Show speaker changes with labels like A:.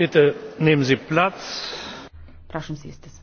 A: bitte nehmen sie platz. prašom sėstis.